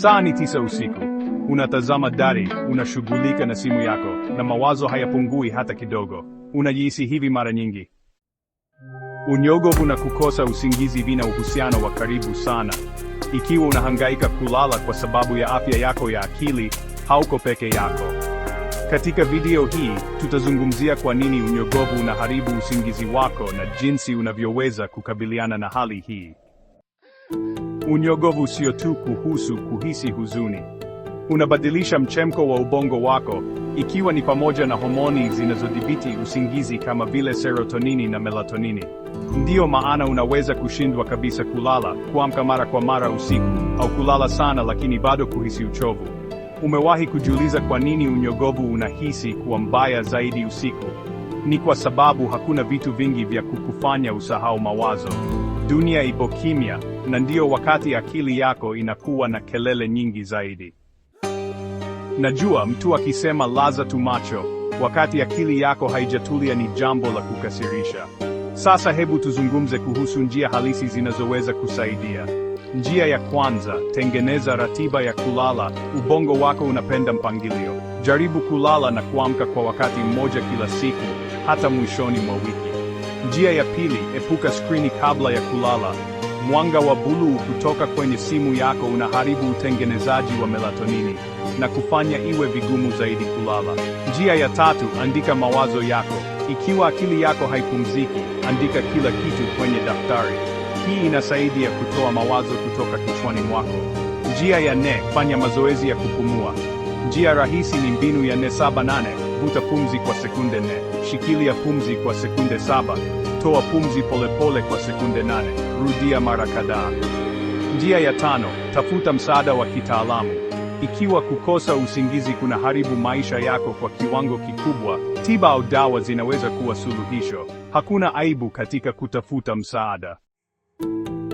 Saa ni tisa usiku, unatazama dari, unashughulika na simu yako, na mawazo hayapungui hata kidogo. Unajihisi hivi mara nyingi? Unyogovu na kukosa usingizi vina uhusiano wa karibu sana. Ikiwa unahangaika kulala kwa sababu ya afya yako ya akili, hauko peke yako. Katika video hii tutazungumzia kwa nini unyogovu unaharibu usingizi wako na jinsi unavyoweza kukabiliana na hali hii unyogovu sio tu kuhusu kuhisi huzuni, unabadilisha mchemko wa ubongo wako, ikiwa ni pamoja na homoni zinazodhibiti usingizi kama vile serotonini na melatonini. Ndiyo maana unaweza kushindwa kabisa kulala, kuamka mara kwa mara usiku, au kulala sana lakini bado kuhisi uchovu. Umewahi kujiuliza kwa nini unyogovu unahisi kuwa mbaya zaidi usiku? Ni kwa sababu hakuna vitu vingi vya kukufanya usahau mawazo dunia ipo kimya, na ndiyo wakati akili yako inakuwa na kelele nyingi zaidi. Najua mtu akisema laza tu macho wakati akili yako haijatulia ni jambo la kukasirisha. Sasa hebu tuzungumze kuhusu njia halisi zinazoweza kusaidia. Njia ya kwanza, tengeneza ratiba ya kulala. Ubongo wako unapenda mpangilio. Jaribu kulala na kuamka kwa wakati mmoja kila siku, hata mwishoni mwa wiki. Njia ya pili, epuka skrini kabla ya kulala. Mwanga wa buluu kutoka kwenye simu yako unaharibu utengenezaji wa melatonini na kufanya iwe vigumu zaidi kulala. Njia ya tatu, andika mawazo yako. Ikiwa akili yako haipumziki, andika kila kitu kwenye daftari. Hii inasaidia kutoa mawazo kutoka kichwani mwako. Njia ya nne, fanya mazoezi ya kupumua. Njia rahisi ni mbinu ya nne saba nane vuta pumzi kwa sekunde nne, shikilia pumzi kwa sekunde saba, toa pumzi polepole pole kwa sekunde nane, rudia mara kadhaa. Njia ya tano, tafuta msaada wa kitaalamu. Ikiwa kukosa usingizi kuna haribu maisha yako kwa kiwango kikubwa, tiba au dawa zinaweza kuwa suluhisho. Hakuna aibu katika kutafuta msaada.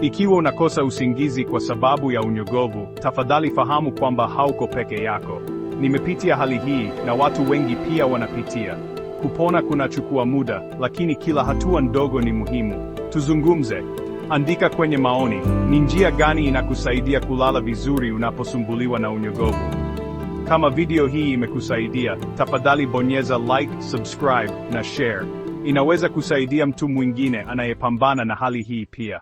Ikiwa unakosa usingizi kwa sababu ya unyogovu, tafadhali fahamu kwamba hauko peke yako. Nimepitia hali hii na watu wengi pia wanapitia. Kupona kunachukua muda, lakini kila hatua ndogo ni muhimu. Tuzungumze. Andika kwenye maoni, ni njia gani inakusaidia kulala vizuri unaposumbuliwa na unyogovu? Kama video hii imekusaidia, tafadhali bonyeza like, subscribe na share. Inaweza kusaidia mtu mwingine anayepambana na hali hii pia.